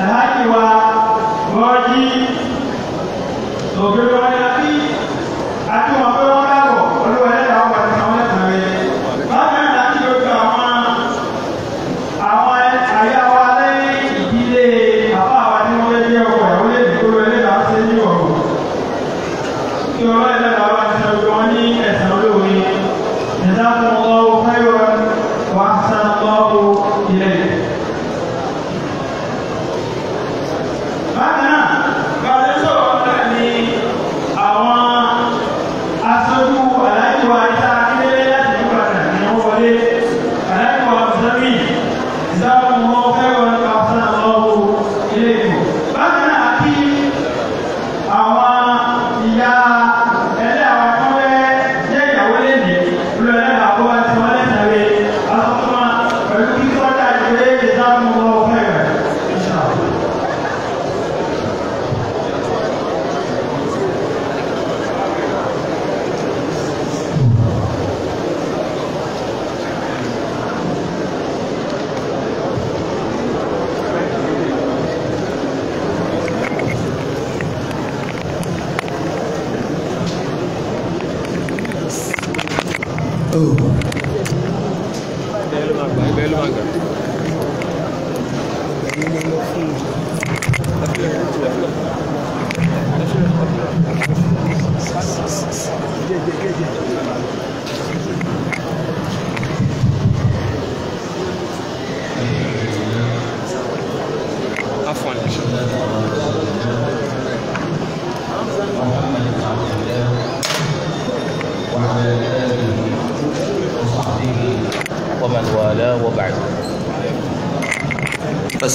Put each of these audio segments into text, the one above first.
Sahaki wa Moji Ogorwana sober.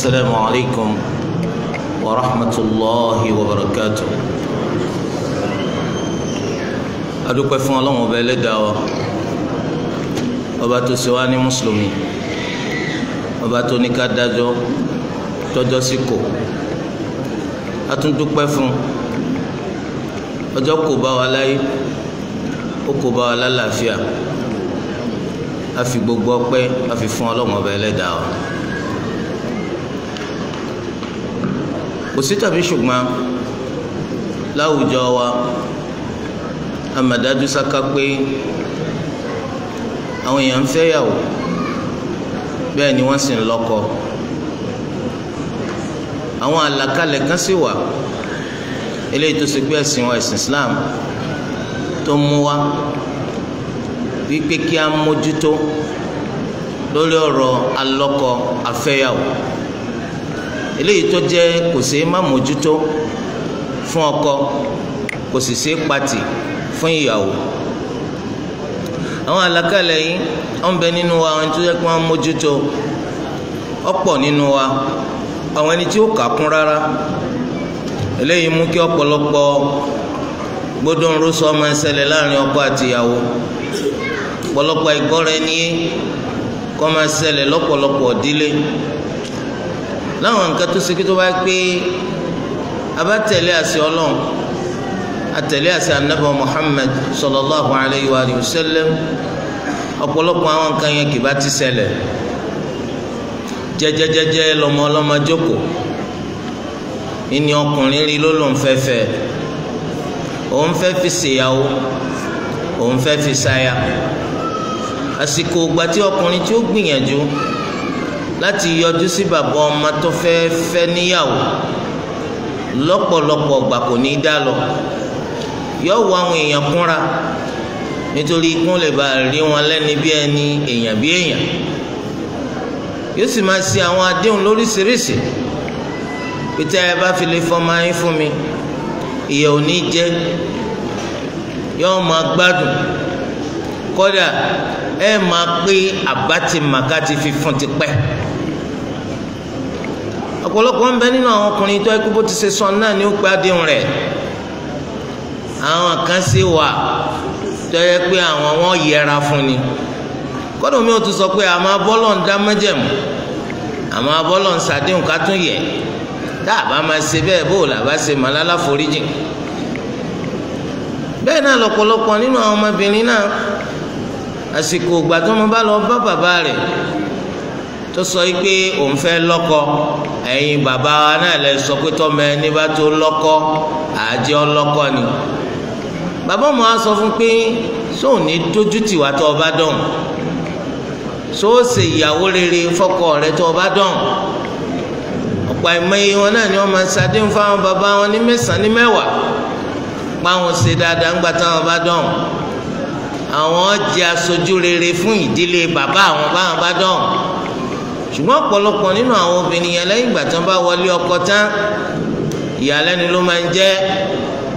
السلام عليكم ورحمة الله وبركاته adúpẹ́ fún ọlọ́run ọba ẹlẹ́dàá wa ọba tó ṣe wá ní mùsùlùmí ọba tó ní ká dájọ́ tọ́jọ́ sí kò a tún dúpẹ́ fún ọjọ́ kò bá wa láyé ó kò bá wa lálàáfíà a fi gbogbo ọpẹ́ a fi fún ọlọ́run ọba ẹlẹ́dàá wa. kò sí tàbí ṣùgbọ́n láwùjọ wa amàdájú sáká pé àwọn èèyàn ń fẹ́yàwó bẹ́ẹ̀ ni wọ́n sì ń lọ́kọ àwọn àlàkalẹ̀ kan sì wà eléyìí tó ṣe pé ẹ̀sìn wa ẹ̀sìn Islam tó mú wa wípé kí a mójútó lórí ọ̀rọ̀ alọ́kọ afẹ́yàwó eléyìí tó jẹ́ kò ṣeé má mójútó fún ọkọ kò sì ṣeé pati fún ìyàwó àwọn àlàkalẹ̀ yìí wọ́n ń bẹ nínú wa àwọn tó jẹ́ pé wọ́n mójútó ọ̀pọ̀ nínú wa àwọn ẹni tí ó kà kún rárá eléyìí mú kí ọ̀pọ̀lọpọ̀ gbódòǹró sọ máa ń láàrin ọkọ àti ìyàwó ọ̀pọ̀lọpọ̀ ìgbọ́ra ẹni yé kọ́ máa ṣẹlẹ̀ lọ́pọ̀lọpọ̀ ìdílé láwọn nǹkan tó ṣe kí tó bá pé abátẹ̀lé àṣẹ ọlọ́run atẹ̀lé àṣẹ anábọ̀ Muhammad sallallahu alayhi wa sallam ọ̀pọ̀lọpọ̀ àwọn nǹkan yẹn kì bá ti ṣẹlẹ̀ jẹjẹjẹjẹ lọmọ ọlọmọ jókòó ìní ọkùnrin rí ló lòún fẹ́ fẹ́ òun fẹ́ fi ṣèyàwó òun fẹ́ fi ṣaya àsìkò ìgbà tí ọkùnrin tí ó gbìyànjú láti yọjú sí bàbá ọmọ tó fẹ́ fẹ́ níyàwó lọ́pọ̀lọpọ̀ ọgbà kò ní í dá lọ yọ wọ àwọn èèyàn kúnra nítorí kún lè bá rí wọn lẹ́ni bí ẹni èèyàn bí èèyàn yóò sì máa ṣe àwọn àdéhùn lóríṣiríṣi pété ẹ bá fi lè fọmọ ayé fún mi ìyẹ̀ ò ní jẹ́ yóò máa gbádùn kódà ẹ máa pé àbá ti màkà ti fi fún ti pẹ́ ọ̀pọ̀lọpọ̀ ń bẹ nínú àwọn ọkùnrin tó ẹkú bó ti ṣe sọ náà ni ó pé àdéhùn rẹ̀ àwọn kan ṣe wà tó yẹ pé àwọn wọn yẹra fún ni kọ́dọ̀ mi ò tún sọ pé àmọ́ abọ́lọ̀ ń dá mẹ́jẹ̀mú àmọ́ abọ́lọ̀ ń ṣàdéhùn ká tún yẹ tá a bá máa ṣe bẹ́ẹ̀ bó làbá ṣe mọ́ lálàforíjì bẹ́ẹ̀ náà lọ́pọ̀lọpọ̀ nínú àwọn ọmọbìnrin náà àsìkò ìgbà tó mo bá lọ bá bàbá rẹ̀ tó sọ pé òun fẹ́ lọ́kọ ẹ̀yin bàbá wa náà lè sọ pé tọ́mọ ẹni bá tó lọ́kọ àjẹ́ ọlọ́kọ ni bàbá ọmọ wa sọ fún pé sóun ní dójú tìwá tó ọba dọ̀hún sóò ṣe ìyàwó rere fọkọ rẹ tó ọba dọ̀hún ọ̀pọ̀ àìmọye wọn náà ni wọ́n máa ṣàdéhùn fáwọn bàbá wọn ní mẹ́sàn-án ní mẹ́wàá páwọn ṣe dáadáa ń gbà táwọn bá dọ̀hún àwọn jẹ́ aṣojú rere fún ìdílé bàbá àwọn báwọn bá dọ̀hún ṣùgbọ́n ọ̀pọ̀lọpọ̀ nínú àwọn obìnrin yẹn lẹ́yìn ìgbà tí wọ́n bá wọlé ọkọ tán ìyàlẹ́nu ló máa ń jẹ́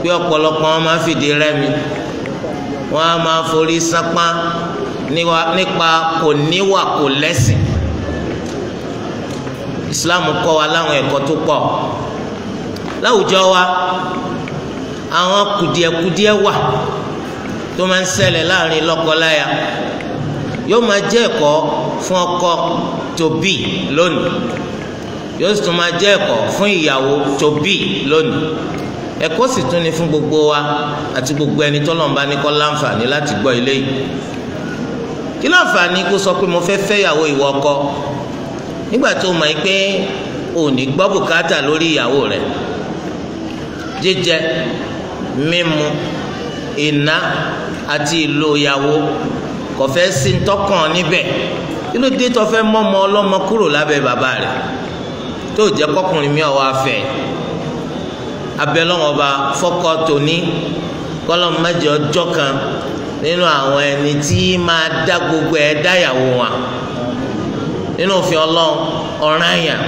pé ọ̀pọ̀lọpọ̀ wọn máa fìdí rẹ́mi wọ́n á máa forí sápá nípa kò níwà kò lẹ́sìn Islam kọ́ wa láwọn ẹ̀kọ́ tó pọ̀ láwùjọ wa àwọn kùdìẹ̀kùdìẹ̀ wà tó máa ń ṣẹlẹ̀ láàrin lọ́kọ láya yóò máa jẹ́ ẹ̀kọ́ fún ọkọ tó bí lónìí yóò sì tún máa jẹ́ ẹ̀kọ́ fún ìyàwó tó bí lónìí ẹ̀kọ́ sì tún ni fún gbogbo wa àti gbogbo ẹni tó lọ́nba ní kọ́ láǹfààní láti gbọ́ ilé yìí kí láǹfààní kó sọ pé mo fẹ́ fẹ́ ìyàwó ìwọ ọkọ nígbà tó mọ̀ pé o ní gbọ́ bùkátà lórí ìyàwó rẹ̀ jíjẹ mímu ìná àti ìlò ìyàwó kò fẹ́ sí ntọ́kàn níbẹ̀ kí ló dé tó fẹ́ mọ́mọ ọlọ́mọ kúrò lábẹ́ bàbá rẹ̀ tó jẹ́ kọkùnrin mi ọ̀wá fẹ́ abẹ́lọ́wọ́n ba fọ́kọ tòní kọ́lọ́ mẹ́jọ ọjọ́ kan nínú àwọn ẹni tí máa dá gbogbo ẹ̀ dáyàwó wọn nínú òfin ọlọ́run ọ̀ràn àyàn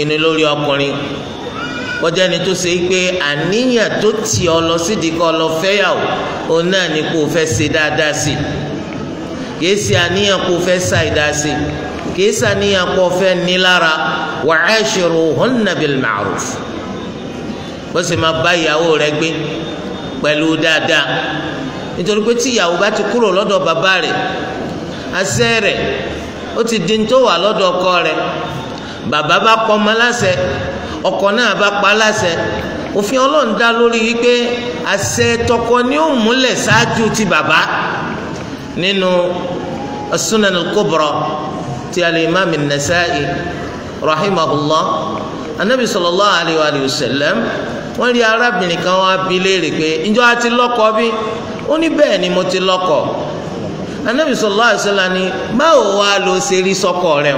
ìní lórí ọkùnrin kọjá ni tó ṣe é pé àníyàn tó tì ọ lọ sídìí kọ́ ọ lọ fẹ́yàwó òun náà ni kò fẹ́ ṣe dáadáa sí i. kìí àníyàn kó fẹ́ ṣàìdá sí àníyàn fẹ́ nílára wa ashiruhunna bil ma'ruf bó ṣe máa bá ìyàwó rẹ gbé pẹ̀lú dáadáa nítorí pé tí ìyàwó bá ti kúrò lọ́dọ̀ bàbá rẹ̀ àṣẹ rẹ̀ ó ti di tó wà lọ́dọ̀ ọkọ rẹ̀ bàbá bá pọ̀ ọmọ láṣẹ ọkọ náà bá pa láṣẹ òfin ọlọ́run dá lórí wípé àṣẹ tọkọ ni ó múlẹ̀ ṣáájú ti bàbá nínú السنن الكبرى al-kubra ti رحمه الله النبي صلى الله عليه وآله وسلم wọ́n rí arábìnrin kan wá bi léèrè pé ǹjọ́ a ti lọ́kọ bí ó ní bẹ́ẹ̀ ni mo ti lọ́kọ anabi sallallahu alayhi wa sallam ni báwo wá ló ṣe rí sọ́kọ rẹ̀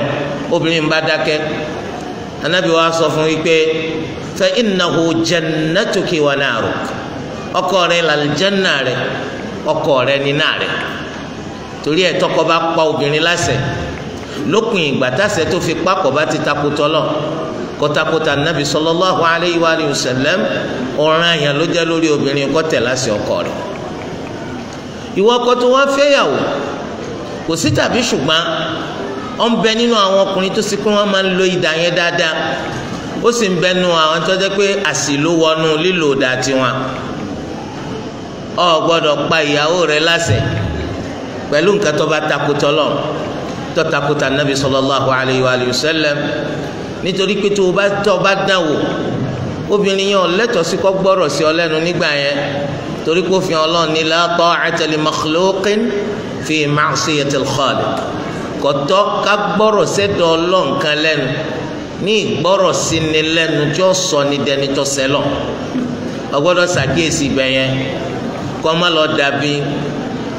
obìnrin bá dákẹ́ anabi wa sọ fún yìí pé fa innahu jannatuki wa naruk ọkọ rẹ̀ làlìjẹ́nà rẹ̀ ọkọ rẹ̀ ni náà rẹ̀ torí ẹ̀ tọkọ bá pa obìnrin láṣẹ lópin ìgbà táṣẹ tó fi pápọ̀ bá ti takotọ́ lọ kọtakọta nabi sallallahu alayhi wa sallam ọ̀ràn yẹn ló jẹ́ lórí obìnrin kó tẹ̀ láṣẹ ọkọ rẹ̀ ìwọ ọkọ tó wá fẹ́yàwó kò sí tàbí ṣùgbọ́n ó ń bẹ nínú àwọn ọkùnrin tó sì pé wọ́n máa ń lo idà yẹn dáadáa ó sì ń bẹnu àwọn tó jẹ́ pé àṣìló wọnú lílo ìdà tiwọn o gbọ́dọ̀ pa ìyàwó rẹ̀ láṣẹ pẹ̀lú nǹkan tó bá takotọ́ lọ tó takotọ́ anabi sallallahu alayhi wa sallam nítorí pé tó o bá tó o bá dán wò obìnrin yẹn ò lẹ́tọ̀ọ́ sí kó gbọ́rọ̀ sí ọ lẹ́nu nígbà yẹn torí kó fi ọlọ́run ní la ta'ata li makhluqin fi ma'siyatil khaliq kò ká gbọ́rọ̀ sẹ́dọ̀ ọlọ́run kan lẹ́nu ní ìgbọ́rọ̀ sí ni lẹ́nu tí ó sọ ní dẹni tó sẹ́lọ̀ ọgbọ́dọ̀ ṣàkíyèsí ibẹ̀ yẹn kó má lọ dàbí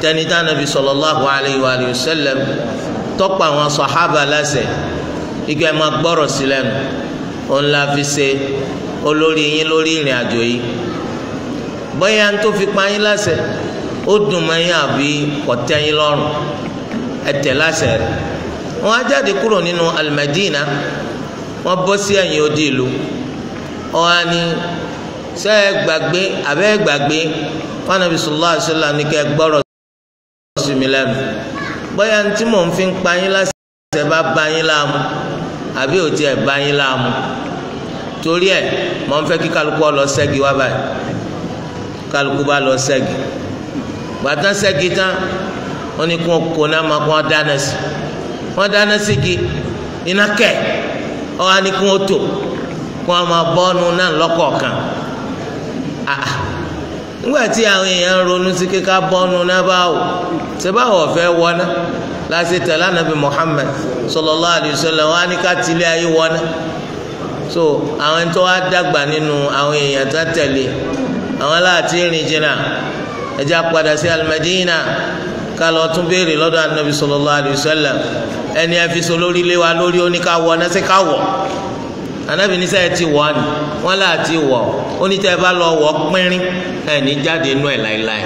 tẹni tá nàbí sallallahu alayhi wa sallam tọpọ àwọn sọhábà láṣẹ ike máa gbọ́rọ̀ sí lẹ́nu òun la fi ṣe olórí yín lórí ìrìn àjò yìí bóyá ń tó fi pa yín láṣẹ ó dùn mọ́ yín àbí kò tẹ́ yín lọ́rùn ẹ tẹ̀ láṣẹ rẹ̀ wọ́n á jáde kúrò nínú al-Madina wọ́n sí ẹ̀yìn odi ìlú wọ́n á ní sẹ gbàgbé abẹ gbàgbé fanabi sallallahu alaihi wasallam ní kẹ gbọ́rọ̀ sí mi lẹ́nu bóyá ní tí mò ń fi ń pa yín láṣẹ bá ba yín láàmú àbí ò tiẹ̀ ba yín láàmú torí ẹ̀ mò ń fẹ́ kí kálukú ọ lọ ṣẹ́gi wá báyìí kálukú bá lọ ṣẹ́gi gbàtán ṣẹ́gi tán wọ́n ní kí wọ́n kó náà máa kó wọ́n dáná sí wọ́n dáná sí gi iná kẹ̀ ọ́ wá ní kí wọ́n tò kí wọ́n máa bọ́ ọ́nu náà lọ́kọ̀ọ̀kan ah nígbà tí àwọn èèyàn ronú sí kíká bọ́nu náà báwò ṣé báwò ọ̀fẹ́ wọná láti tẹ̀lé ànábì Muhammad sallallahu alaihi wasallam wọn á ní ká tilé ayé wọná so àwọn ẹni tó wá dàgbà nínú àwọn èèyàn tó tẹ̀lé àwọn aláàtí rìn jìnnà ẹja padà sí al-Madina ká lọ tún béèrè lọ́dọ̀ ànábì sallallahu alaihi ẹni ẹ fi so lórí lé wa lórí ó náà sí ká wọ̀ anabi ní sẹ́yìn ti wọ̀ ni wọ́n là ti wọ̀ oníṣẹ́ ẹ bá lọ wọ̀ pínrín ẹ̀ ní jáde inú ẹ̀ láéláé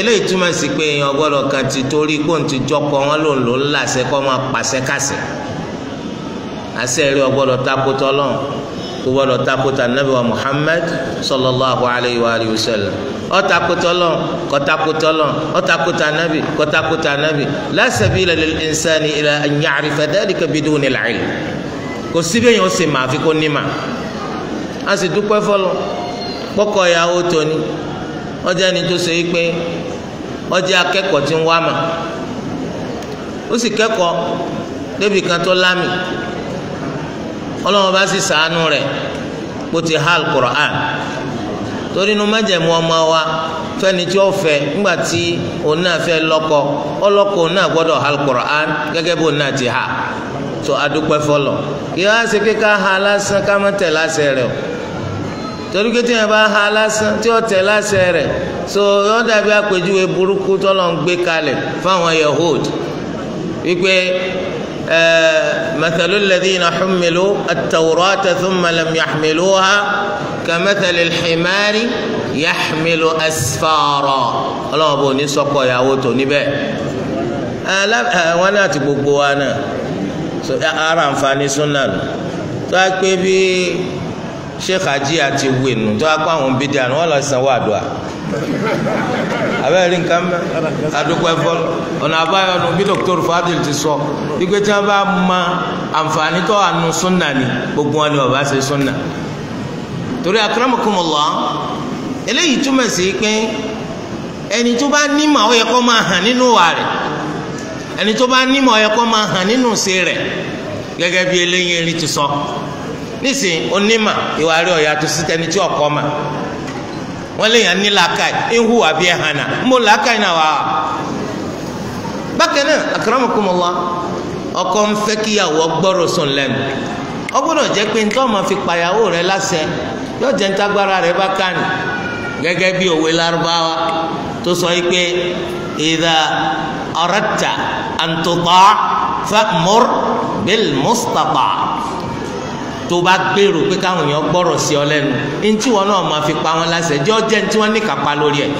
eléyìí túmọ̀ sí pé èèyàn gbọ́dọ̀ kan ti torí kó n ti jọkọ wọn ló ń lò ń làṣẹ kọ́ máa pàṣẹ kàṣẹ àṣẹ rí ọgbọ́dọ̀ takotọ́ ọlọ́run kò gbọ́dọ̀ takotọ́ anabi wa Muhammad sallallahu alayhi wa alihi wa sallam ọtakotọ́ ọlọ́run kọtakotọ́ ọlọ́run ọtakotọ́ anabi kọtakotọ́ anabi la sabila lil insani ila an ya'rifa dhalika bidunil ilm kò síbi èèyàn ṣe mà àfi kó ní mà a sì dúpẹ́ fọlọ́ kọ́kọ́ ìyàwó tóní ọjà ni tó ṣe pé ọjà akẹ́kọ̀ọ́ ti ń wá ma ó sì kẹ́kọ̀ọ́ débi kan tó lámì bá sì sàánú rẹ̀ kó ti ha alukur'an torí inú ọmọ wa fẹ́ni tí ó fẹ́ tí òun náà fẹ́ òun ha gẹ́gẹ́ bí òun ti ha. tó adúpẹ́ fọlọ̀ kí wọ́n á ṣe pé ká ha lásán ká má tẹ̀ láṣẹ rẹ̀ o torí pé tí wọ́n bá ha lásán tí wọ́n tẹ̀ láṣẹ rẹ̀ so wọ́n dàbí àpèjúwe burúkú tọ́lọ̀ ń gbé kalẹ̀ fáwọn yahood wípé مثل الذين حملوا التوراة ثم لم يحملوها كمثل الحمار يحمل أسفارا ọlọ́run bò ní sọ́kọ̀ ìyàwó tó níbẹ̀ wọn náà ti gbogbo wa náà ara àǹfààní súnà nù tó a pé bí sheikh ají àti wẹnu tó a pé àwọn bíi dànù wọn lọ sanwó àdúrà abẹ́rẹ́ nǹkan mẹ́ adúgbò ẹ̀fọ́ ọ̀nà àbáyọ nu bí dr fadil ti sọ wípé tí wọ́n bá mọ àǹfààní tó àánú súnà ni gbogbo wọn ni wọ́n bá ṣe súnà torí akramakumullah eléyìí túmọ̀ sí pé ẹni tó bá nímọ̀ ó yẹ kó máa hàn nínú wa rẹ̀. ẹni tó bá nímọ̀ ẹ kó máa hàn nínú ṣe rẹ̀ gẹ́gẹ́ bí eléyìí rí ti sọ nísìn onímọ̀ ìwà ọ̀yà tó sí ọkọ ma wọ́n nnila ní làákàyè ń hàn ń bò làákàyè náà wà bákan ọkọ ń fẹ́ kíyàwó gbọ́rọ̀ sùn lẹ́nu ọ gbọ́dọ̀ jẹ́ pé fi yóò jẹ́ bá gẹ́gẹ́ bí òwe tó إذا أردت أن tuta' فأمر بالمستطاع. tó bá gbèrò pé káwọn èèyàn gbọ́rọ̀ sí ọ lẹ́nu ntí wọn náà máa fi pa wọn láṣẹ jọ jẹ́ ntí wọn ní kápá lórí ẹ̀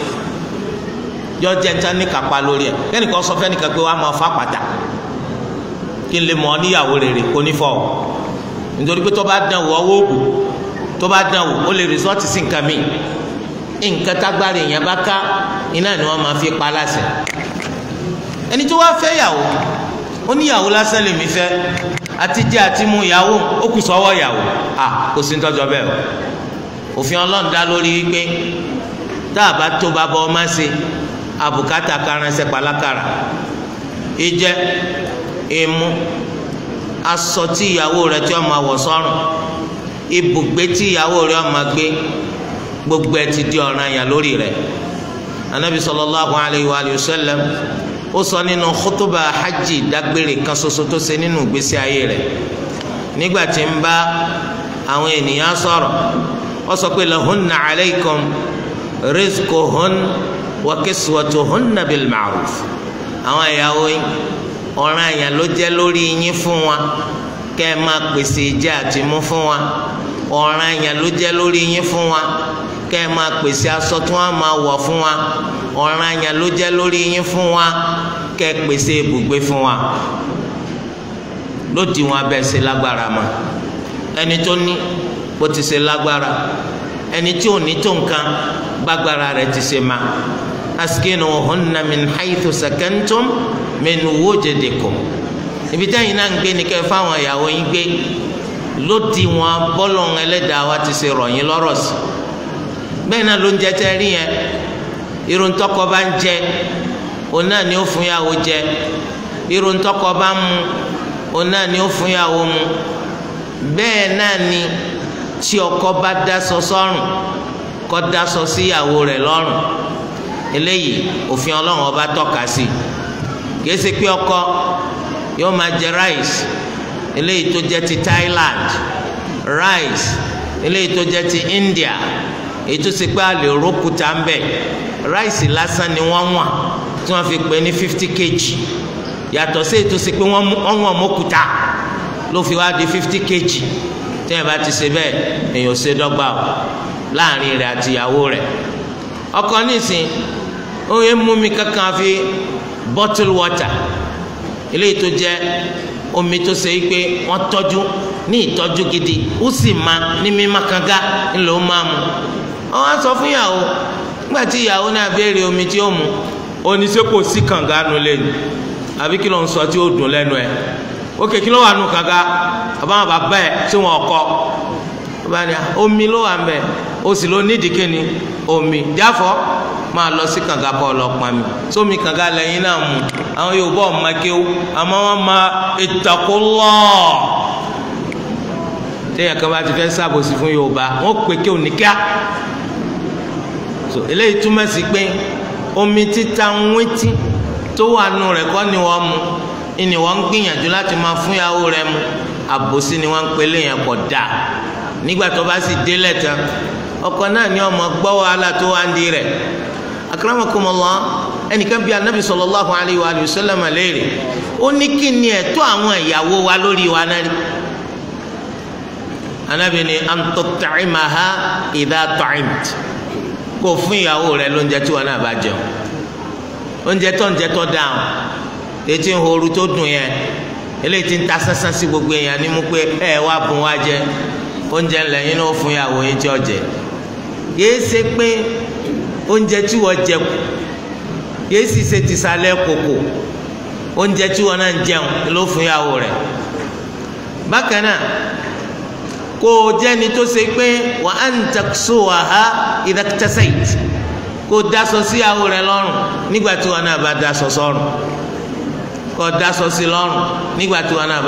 jọ jẹ́ ntí wọn ní kápá lórí ẹ̀ kẹ́nìkan sọ fẹ́nìkan pé wàá máa fa pàtà kí n lè mọ̀ níyàwó rere kò ní fọ́ ọ nítorí pé tó bá dán wò ọwọ́ òògùn tó bá dán wò ó lè rìsọ́ọ̀tì sí nǹkan mi nǹkan tágbára èèyàn bá ká iná ni wọ́n máa fi pa láṣẹ ẹni tó wá fẹ́ yàwó ó ní yàwó lásán lèmi fẹ́ àti jẹ àti mu yàwó ó kù sọ́wọ́ yàwó à kò sí tọ́jọ́ bẹ́ẹ̀ o òfin Ọlọ́run dá lórí wípé tá a bá tó bàbá ọmọ ṣe àbùkátà karanṣẹ pàlákàrà ìjẹ ìmu aṣọ tí ìyàwó rẹ tí ó máa wọ̀ sọ́rùn ibùgbé tí ìyàwó rẹ ó máa gbé gbogbo ẹ ti di ọ̀ranyàn lórí rẹ anabi sallallahu alayhi wa sallam ó sọ nínú khutuba hajj dágbére kan ṣoṣo tó ṣe nínú ìgbésí ayé rẹ̀ nígbà tí ń bá àwọn ènìyàn sọ̀rọ̀ ó sọ pé lahunna alaykum rizquhun wa kiswatuhunna bil ma'ruf àwọn ìyàwó yín ọ̀ràn àyàn ló jẹ́ lórí yín fún wa kẹ́ ẹ máa pèsè ìjẹ àti mu fún wa ọ̀ràn àyàn ló jẹ́ lórí yín fún wa kẹ́ ẹ máa pèsè aṣọ tí wọ́n á máa wọ̀ fún wa ọ̀ranyàn ló jẹ́ lórí yín fún wa kẹ́ ẹ pèsè ibùgbé fún wa ló di wọn abẹ́ ṣe lágbára mọ́ ẹni tó ní bó ti ṣe lágbára ẹni tí ò ní tó nǹkan gbágbára rẹ̀ ti ṣe ma askinuhunna min haythu sakantum min wujdikum ibi táyìn náà ń gbé ni kẹ́ fáwọn ìyàwó yín gbé ló di wọn bọ́lọ̀ ẹlẹ́dàá wa ti ṣe rọ̀ yín sí i. bẹ́ẹ̀ náà ló ń jẹ tẹ́ rí yẹn irun tọkọ bá ń jẹ òun náà ni ó fún yàwó jẹ irun tọkọ bá ń mu òun náà ni ó fún yàwó mu bẹ́ẹ̀ náà ni tí ọkọ bá dáṣọ sọ́rùn si dáṣọ sí ìyàwó rẹ̀ lọ́rùn eléyìí òfin ọlọ́run ọba tọ́ka sí pé ọkọ yóò máa jẹ eléyìí tó jẹ ti Thailand India ètò ṣe pé a lè rókúta ń bẹ̀ ráìsì lásán ni wọ́n wọ̀n tí wọ́n fi pè ní fifty kg yàtọ̀ sí ètò ṣe pé wọ́n wọ̀n mọ́kúta ló fi wá di fifty kg tẹ́yìn bá ti ṣe bẹ́ẹ̀ èèyàn ṣe dọ́gba o láàrin rẹ̀ àti ìyàwó rẹ̀ ọkọ nísìn ó mú mi kankan fi bottle water eléyìí tó jẹ́ omi tó ṣe é pé wọ́n tọ́jú ní ìtọ́jú gidi ó sì máa ní mímá kanga ńlọ ó máa mu wọn á sọ fún ìyàwó nígbà tí ìyàwó náà béèrè omi tí ó mu ó ní ṣé kò sí kànga nu lẹ́nu àbí kí ló ń sọ tí ó dùn lẹ́nu ẹ̀ ó kè kí ló wà nù kànga àbáwọn bàbá ẹ̀ tí wọn kọ́ omi ló wà ń bẹ̀ o sì ló nídìí kíni omi jáfọ́ máa lọ sí kànga kọ́ lọ pa mi sómi kànga lẹ́yìn náà mu àwọn Yorùbá ọ̀ máa kéwú àmọ́ wọ́n máa ìtàkùlọ̀ téèyàn kan bá ti fẹ́ ṣàbòsí fún Yorùbá wọ́n pè kéwú ní kíá so eléyìí túmọ̀ sí pé omi títa ń wétí tó wà nù rẹ̀ kọ́ ni wọ́n mu ni wọ́n ń gbìyànjú láti máa fún ìyàwó rẹ̀ mu àbòsí ni wọ́n ń pe léyìn ẹ̀kọ́ dà nígbà tó bá sì délẹ̀ tán ọkọ náà ni ọmọ gbọ́ wàhálà tó wà ń di rẹ̀ akramakumullah ẹnìkan bíi anabi sallallahu alayhi wa sallam léèrè ó ní kí ni ẹ̀tọ́ àwọn ìyàwó wa lórí wa náà rí anabi ni an tut'imaha idha kò fún ìyàwó rẹ lóúnjẹ tí wọn náà bá jẹun oúnjẹ tó ń jẹ tó etí ń horu tó dùn yẹn eléyìí ti ń ta sánsán sí gbogbo èèyàn ní mú pé ẹ wá bùn wá jẹ oúnjẹ lẹ́yìn fún ìyàwó yín tí ó jẹ yéé ṣe pé oúnjẹ tí jẹ kù yéé sì ṣe kòkò oúnjẹ tí Kò jẹni tó ṣe pé wa á taksuwaha idha iktasayt Kò o daṣọ sí rẹ lọ́rùn nígbà tí wọn náà bá daṣọ sọ́rùn kó daṣọ sí lọ́rùn nígbà tí wọn náà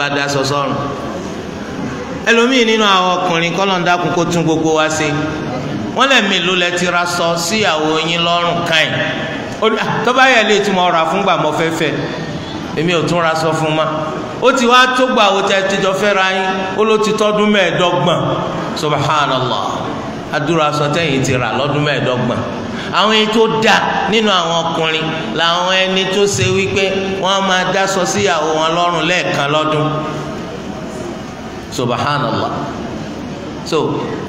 wọ́n lè mélòó ti ra sọ síyàwó yín lọ́rùn káyìn ah, tọ́ba yẹ lè tún mọ ọ̀rọ̀ àfúngbà mọ́ èmi ò tún ra fún ma ó ti wá tó gbà wo tẹ ti jọ fẹ́ra yín ó ló ti tọ́dún mẹ́ẹ̀ẹ́dọ́gbọ̀n subhanallah adúrà sọtẹ́yìn ti rà lọ́dún mẹ́ẹ̀ẹ́dọ́gbọ̀n àwọn ẹni tó dà nínú àwọn ọkùnrin làwọn ẹni tó ṣe wípé wọ́n máa dáṣọ síyàwó wọn lọ́rùn lẹ́ẹ̀kan lọ́dún subhanallah so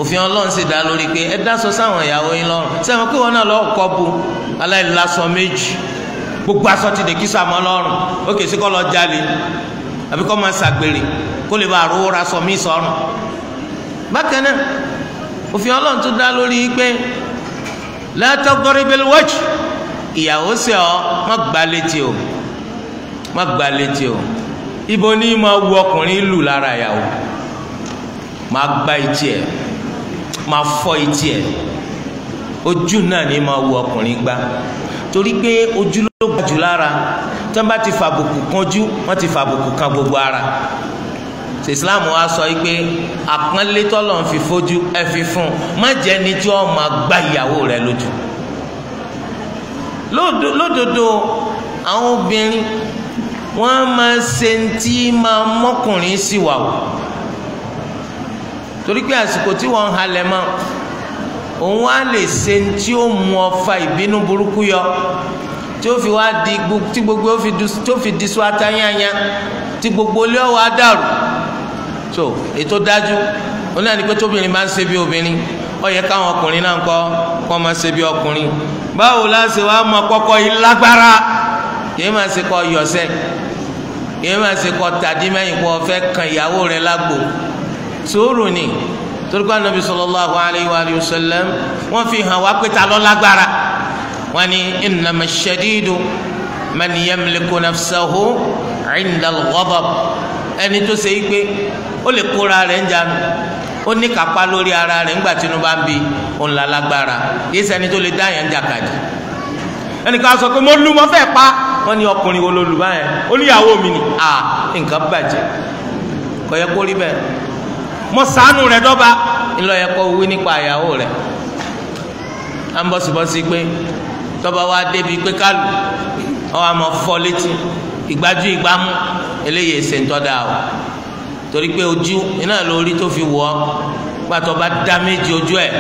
òfin ọlọ́run sì dá lórí pé ẹ dáṣọ sáwọn ìyàwó yín lọ́rùn sẹ́wọ̀n pé wọn náà lọ́ọ́ kọ́ bu aláìlásọ méjì gbogbo aṣọ ti dè kí sàmọ́ lọ́rùn ó kè sí kọ́ lọ jalè àbí kọ́ máa ṣàgbèrè kó lè bá rówó ra sọ mí sọrùn bákan náà òfin ọlọ́run tún dá lórí pé la tadribil wajh ìyàwó sẹ ọ má gbá létí o má gbá létí o ibo ni máa wu ọkùnrin lù lára ìyàwó máa gbá etí ẹ máa fọ́ etí ẹ ojú náà ni máa wu ọkùnrin gbá torí pé ojú ló gbà jù lára tí wọ́n bá ti fàbùkù kanjú wọ́n ti fàbùkù kan gbogbo ara islam wa sọ yìí pé àpọ́nlé tọ́lọ̀ ń fi fojú ẹ fi fún un má jẹ́ ni tí wọ́n máa gbá ìyàwó rẹ lójú lódodo àwọn obìnrin wọ́n máa ṣe tí máa mọ́kùnrin sí wà o torí pé àsìkò tí wọ́n ń halẹ̀ mọ́ òun á lè ṣe tí ó mú ọ fa ìbínú burúkú yọ tí ó fi wá di tí gbogbo tó fi di sùn atayanya tí gbogbo ilé ọwọ́ á dàrú so ètò dájú ó náà ní pé tóbìnrin máa ń ṣe bí obìnrin ó yẹ káwọn ọkùnrin náà kọ́ kọ́ máa ṣe bí ọkùnrin báwo la ṣe wàá mọ kọ́kọ́ yìí lágbára kì í máa ṣe kọ́ yọ̀ọ́sẹ̀ kì í máa ṣe kọ́ tàdí mẹ́yìn kọ́ fẹ́ ìyàwó rẹ̀ lágbo sùúrù ni torí pé Ànábì sallallahu alayhi wa sallam wọ́n fi hàn wá pé ta ló lágbára wọ́n ní innama shadidu man yamliku nafsahu inda al-ghadab ẹni tó ṣe é pé ó lè kóra rẹ̀ ń jánu ó ní kápá lórí ara rẹ̀ ńgbà tí inú bá ń bi òun lágbára yìí sẹ́ni tó lè dá yẹn ń jàkadì ẹnìkan sọ pé mo lu mo fẹ́ pa wọ́n ní ọkùnrin wo ló lù báyẹn ó ní ìyàwó mi ni à nǹkan bàjẹ́ kò yẹ kó rí bẹ́ẹ̀ mo ṣàánú rẹ̀ dọ́ba ńlọ yẹ kó wí nípa ìyàwó rẹ̀ à ń bọ́sibọ́sí pé tọ́ba wa débi pé kálù ọwọ́ àmọ́ fọ́ létí ìgbájú ìgbámú eléyìí ẹsẹ̀ ń tọ́da o torí pé ojú iná lórí tó fi wọ́ pàtó bá dá méjì ojú ẹ̀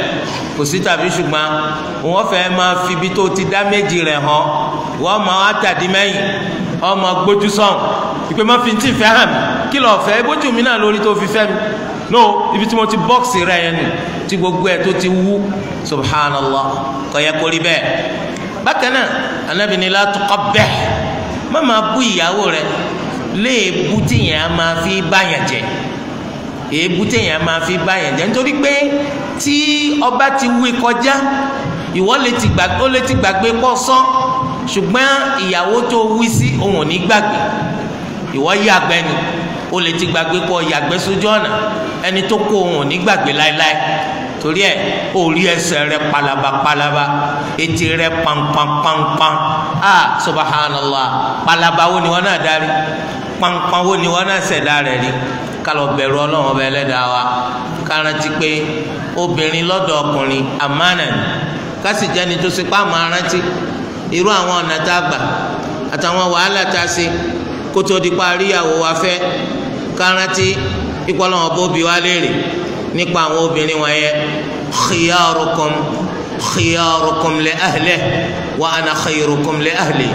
kò sí tàbí ṣùgbọ́n wọ́n fẹ́ máa fi ibi tó ti dá méjì rẹ̀ hàn wọ́n máa wá tàdí mẹ́yìn ọmọ gbójú sàn ìpè má fi ti fẹ́ hàn mí kí lọ́ọ́ fẹ́ bójú mi náà lórí tó fi fẹ́ mi no ibi tí mo ti bọ́ọ̀sì rẹ̀ yẹn ni tí gbogbo ẹ̀ tó ti wú subhanallah kò yẹ kó rí bẹ́ẹ̀ bákan náà anabi ni la tuqabbih má máa bú ìyàwó rẹ léèbú téèyàn á máa fi báyàn jẹ èébú téèyàn á máa fi báyàn jẹ nítorí pé tí ọba ti wí kọjá ìwọ lè ti gbàgbé ó lè ti gbàgbé pọ̀ sán ṣùgbọ́n ìyàwó tó wí sí òun ò ní gbàgbé ìwọ yàgbẹ́ ni ó lè ti gbàgbé pọ̀ yàgbẹ́ sójú ọ̀nà ẹni tó kó òun ò ní gbàgbé láéláé torí ẹ orí ẹsẹ̀ rẹ palaba palaba etí rẹ pampanpanpan a subahánàlá palaba wo ni wọn náà darí pampan wo ni wọn náà ṣẹ̀dá rẹ̀ rí kálọ̀ bẹ̀rù ọlọ́run ọba ẹlẹ́dàá wa kárántí pé obìnrin lọ́dọ̀ ọkùnrin àmánà ni kásì jẹ́ni tó ṣe pàmò arántí irú àwọn ọ̀nà tá a gbà àtàwọn wàhálà tá a ṣe kó tó di àríyàwó wa fẹ́ kárántí ìpọ́nlọ́wọ́n bó bi wá léèrè nípa àwọn obìnrin wọn yẹ khiyarukum khiyarukum li ahli wa ana khayrukum li ahli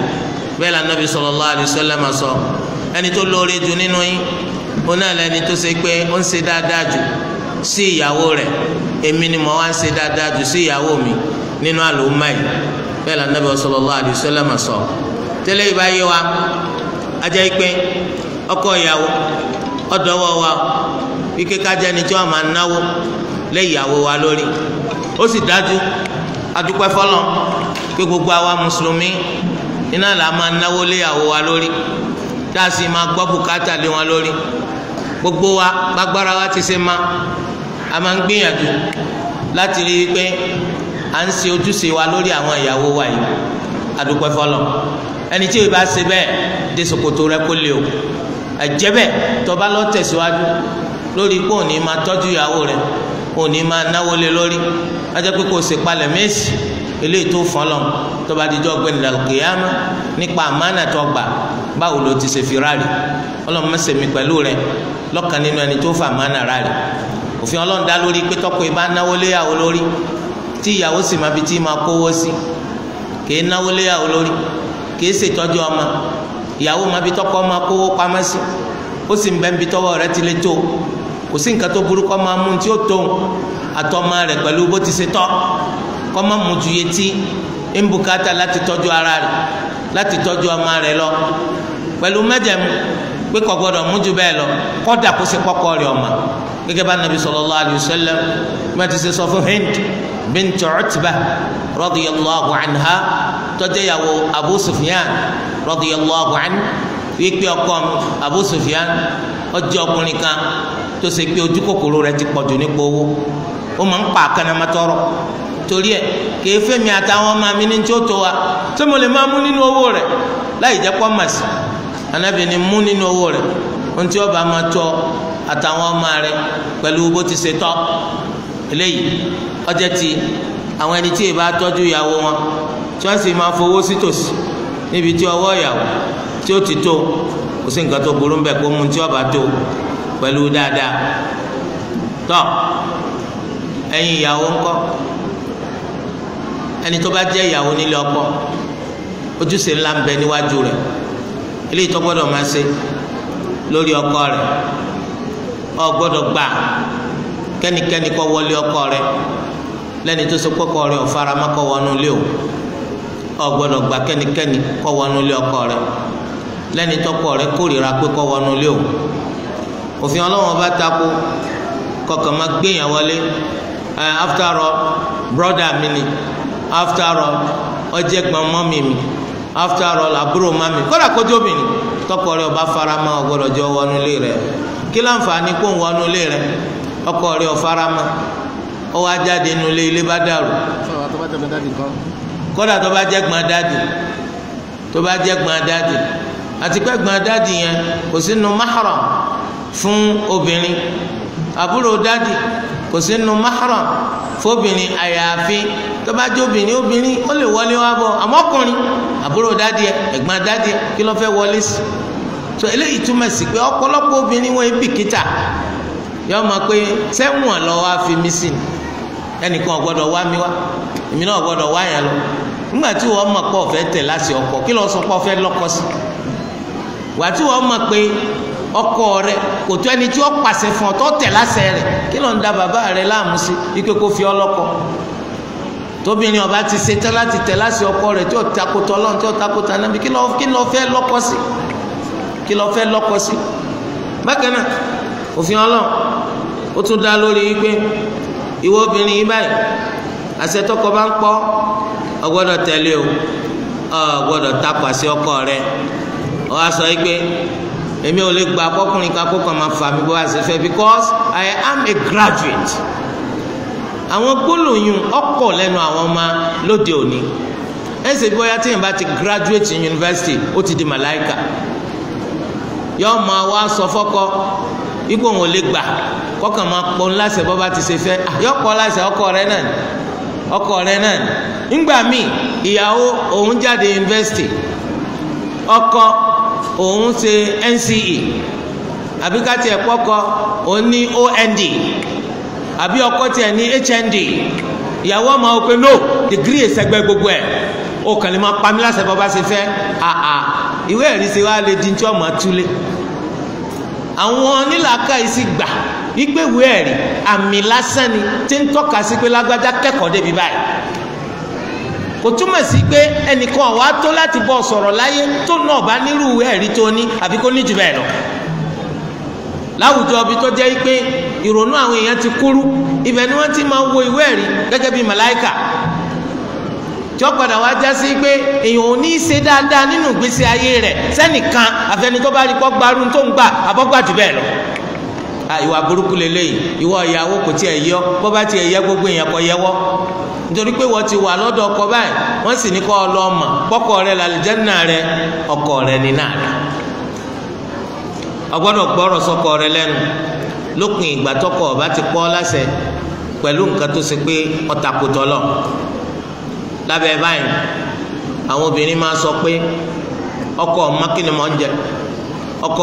bẹ́ẹ̀ la nabi sallallahu alayhi wa sallam sọ ẹni tó lóore jù nínú yín oná lẹni tó ṣe pé ó ń ṣe dáadáa jù sí ìyàwó rẹ̀ èmi ni mo wá ń ṣe dáadáa jù sí ìyàwó mi nínú àlùmọ́ yìí bẹ́ẹ̀ la nabi sallallahu alayhi wa sallam sọ tẹ́lẹ̀ ìbáyé wa ajá pé ọkọ ìyàwó ọdọwọ wa ike kájẹ́ ni tí wọ́n máa náwó lé ìyàwó wa lórí ó sì dájú adúpẹ́ fọlọ́ pé gbogbo àwa mùsùlùmí iná là máa náwó lé ìyàwó wa lórí tá a sì máa gbọ́ bùkátà lé wọn lórí gbogbo wa gbàgbára wa ti ṣe ma a máa ń gbìyànjú láti rí i pé à ń ṣe ojúṣe wa lórí àwọn ìyàwó wa yìí adúpẹ́ fọlọ́ ẹni tí ìbá ṣe bẹ́ẹ̀ dé ṣòkòtò rẹ̀ kó lè o ẹ̀jẹ̀ bẹ́ẹ̀ tó lọ tẹ̀síwájú lórí pé òní máa tọ́jú ìyàwó rẹ̀ òní máa náwó lé lórí ajẹ́ pé kò sì palẹ̀ méjì eléyìí tó fọ́n lọ tó nípa àmánà tó gbà báwo ló ti ṣe fi ráàlì ọlọ́mọ sèmi pẹ̀lú rẹ̀ lọ́kàn nínú ẹni tó fà àmánà ráàlì òfin ọlọ́run dá lórí pé ìbá náwó lórí tí ìyàwó sì máa fi tí máa kówó sí náwó lórí kò sí nǹkan tó burú kọ́ máa mú tí ó tóun àtọ́mọ rẹ̀ pẹ̀lú bó ti ṣe tọ́ kọ́ máa mú ju iye tí ń bùkátà láti tọ́jú ara rẹ̀ láti tọ́jú ọmọ rẹ̀ lọ pẹ̀lú mẹ́jẹ̀mú pé kò gbọdọ̀ mú ju bẹ́ẹ̀ lọ kọ́dà kó kọ́kọ́ rẹ̀ ọmọ gẹ́gẹ́ bá nàbí sallallahu alayhi wa sallam bí wọ́n ti ṣe sọ fún Hind bint Utbah radiyallahu anha tó jẹ́ Abu Sufyan radiyallahu anhu wípé Abu Sufyan ó jẹ́ tó ṣe pé ojú kòkòrò rẹ ti pọ̀jù nípa owó ó máa ń pa àkànnàmọ́tọ́rọ torí ẹ kèé fẹ́mi àtàwọn ọmọ mi ní tí ó tó wa tí mo lè máa mú nínú owó rẹ láì jẹ́ anábì ni mú nínú owó rẹ ohun tí ọba máa tọ́ àtàwọn ọmọ rẹ pẹ̀lú bó ti ṣe tọ́ eléyìí ọjọ́ ti àwọn ẹni tí ìbá tọ́jú ìyàwó wọn tí wọ́n sì máa fowó sí tòsí níbi tí ọwọ́ ìyàwó tí ó ti tó kò sí nǹkan pẹ̀lú dáadáa tọ́ ẹ̀yin ìyàwó ńkọ́ ẹni tó bá jẹ́ ìyàwó nílé ọkọ ojúṣe ńlá ń bẹ níwájú rẹ̀ eléyìí tó gbọ́dọ̀ máa ṣe lórí ọkọ rẹ̀ ọ gbọ́dọ̀ gbà kẹ́nikẹ́ni kó wọlé ọkọ rẹ̀ lẹ́ni tó so kọ́kọ́ rẹ̀ ọ̀farama kó wọnú ilé o ọ gbọ́dọ̀ gbà kẹ́nikẹ́ni kó wọnú ilé ọkọ rẹ̀ lẹ́ni tọ́kọ rẹ̀ kórìíra pé kó wọnú ilé o òfin ọlọ́wọ́n bá takò kọkàn máa gbéyàn wọlé ẹ after all brother mi ni after all ọjẹ́ gbọ́n mọ́mì mi after all àbúrò mọ́mì kódà kójú obìnrin tọkọ rẹ ọba farama ọgbọ́dọ̀ jẹ́ wọnú ilé rẹ kí láǹfààní kó ń wọnú ilé rẹ ọkọ rẹ ọfarama ọwọ́ ajáde nu ilé ilé bá dàrú kódà tó bá jẹ́ gbọ́n dáàdì tó bá jẹ́ gbọ́n dáàdì àti pé gbọ́n dáàdì yẹn kò sínú mahram. fún obìnrin àbúrò dádì kò sí nu mahram fóbìnrin àyàfi tó bá jẹ́ obìnrin obìnrin ó lè wọlé wá bọ̀ àmọ́kùnrin àbúrò dádì ẹ ẹ̀gbọ́n ile ẹ kí ló fẹ́ wọlé sí so eléyìí túmọ̀ sí pé ọ̀pọ̀lọpọ̀ obìnrin wọn yọ ma pé sẹ́wọ̀n lọ wá fi mí sí ni ẹnìkan ò wá mi wá èmi náà wá yẹn lọ nígbà tí wọ́n mọ̀ ọkọ rẹ kò tó ẹni tí ó pàṣẹ fún ọ tó tẹ̀ láṣẹ rẹ kí ló ń da bàbá rẹ láàmú sí ike kó fi ọlọ́kọ tóbìnrin ọba ti ṣe tán láti tẹ̀ láṣẹ ọkọ rẹ tí ó takotọ Ọlọ́run tí ó takotọ anábì kí ló kí ló fẹ́ lọ́kọ sí kí ló fẹ́ lọ́kọ sí bákan náà òfin Ọlọ́run ó tún dá lórí wípé ìwọ obìnrin yìí báyìí àṣẹ tọkọ bá ń pọ ọ gbọ́dọ̀ tẹ̀lé o ọ takọ àṣẹ ọkọ rẹ ọ wá sọ yìí èmi ò lè gba akọkùnrin kan kó máa fà mí bó wá sí fẹ́ because I am a graduate àwọn gbólóyún ọkọ̀ lẹ́nu àwọn ọmọ lóde òní ẹ bóyá tí yẹn bá ti graduate university ó ti di màláìka yọ ọmọ wa sọ fọkọ ikú òun ò lè gbà kọkàn máa pọ ńláṣẹ bọ́ bá ti ṣe fẹ́ ah, yọ pọ láṣẹ ọkọ rẹ náà ọkọ rẹ náà ńgbà míì ìyàwó òun jáde university ọkọ òun ṣe NCE àbí ká tiẹ̀ pọ́kọ òun ní OND àbí ọkọ tiẹ̀ ní HND ìyàwó ọmọ wọn pé no degree ìsẹgbẹ gbogbo ẹ o kàn lè máa pami láṣẹ bọ́ bá ṣe fẹ́ àà ìwé ẹ̀rí ṣe wá lè di tí ọmọ túlé àwọn onílàákà yìí sì gbà wípé ìwé ẹ̀rí àmì lásán ni tí ń tọ́ka sí pé lágbájá kẹ́kọ̀ọ́ débi báyìí kò túmọ̀ sí pé ẹnìkan ọ̀wá tó láti bọ́ sọ̀rọ̀ láyé tó náà bá nírú ẹ̀rí tó ní àfi kó ní jù bẹ́ẹ̀ lọ láwùjọ ibi tó jẹ́ pé ìrònú àwọn èèyàn ti kúrú ibẹ̀ ni wọ́n ti máa wo ìwé ẹ̀rí gẹ́gẹ́ bíi màláìkà tí ó padà wá já sí pé èèyàn ò ní í ṣe dáadáa nínú ìgbésí ayé rẹ̀ sẹ́nìkan àfẹnitọ́ bá rí kọ́ gbarú tó ń gbà àbọ́gbàdú bẹ́ẹ̀ lọ. ìwà burúkú lélẹ́yìí ìwọ ìyàwó kò tiẹ̀ yọ bó bá tiẹ̀ yẹ gbogbo èèyàn kò yẹwọ́ nítorí pé wọ́n ti wà lọ́dọ̀ ọkọ báyìí wọ́n sì ní kọ́ ọ lọ mọ̀ pọ́kọ rẹ rẹ ọkọ rẹ ní náà ọgbọ́dọ̀ gbọ́rọ̀ rẹ lẹ́nu lópin ìgbà tọkọ ọba ti pọ́ pẹ̀lú nǹkan tó ṣe pé ọ̀tàkùtọ̀ ọkọ ni ń jẹ ọkọ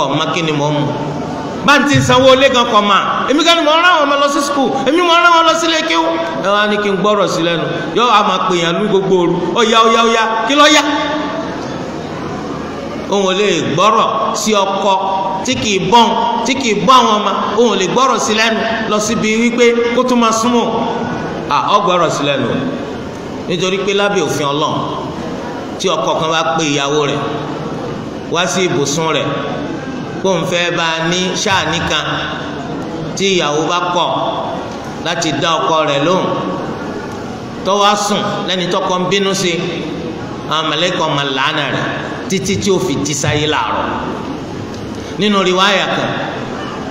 bá ń ti sanwó ilé gan kọ̀ mà èmi kan ni mo rán àwọn ọmọ lọ sí skul èmi mo rán wọn lọ sílé kéwú ẹ wá ní kí n gbọ́rọ̀ sí lẹ́nu yọ àmọ́ pè yàn ní gbogbo ooru ọ̀ya ọ̀ya ọ̀ya kí lọ́ọ́ yá òun lè gbọ́rọ̀ sí ọkọ tí kì í bọ́n tí kì í bọ́ àwọn ọmọ òun lè gbọ́rọ̀ sí lẹ́nu lọ síbi wípé kó tún máa súnmọ́ à ọ gbọ́rọ̀ sí lẹ́nu nítorí pé lábẹ́ òfin ọlọ́run tí ọkọ kan bá pe ìyàwó rẹ̀ wá sí ibùsùn rẹ̀ kó n fẹ́ bá a ní sáàní kan tí ìyàwó bá kọ̀ láti dá ọkọ rẹ̀ lóhùn tọ́wọ́ sùn lẹ́ni tọkọ ń bínú sí àwọn mẹ̀lẹ́kọ̀ máa làánà rẹ̀ títí tí ó fi jí sáyé làárọ̀ nínú riwaya kan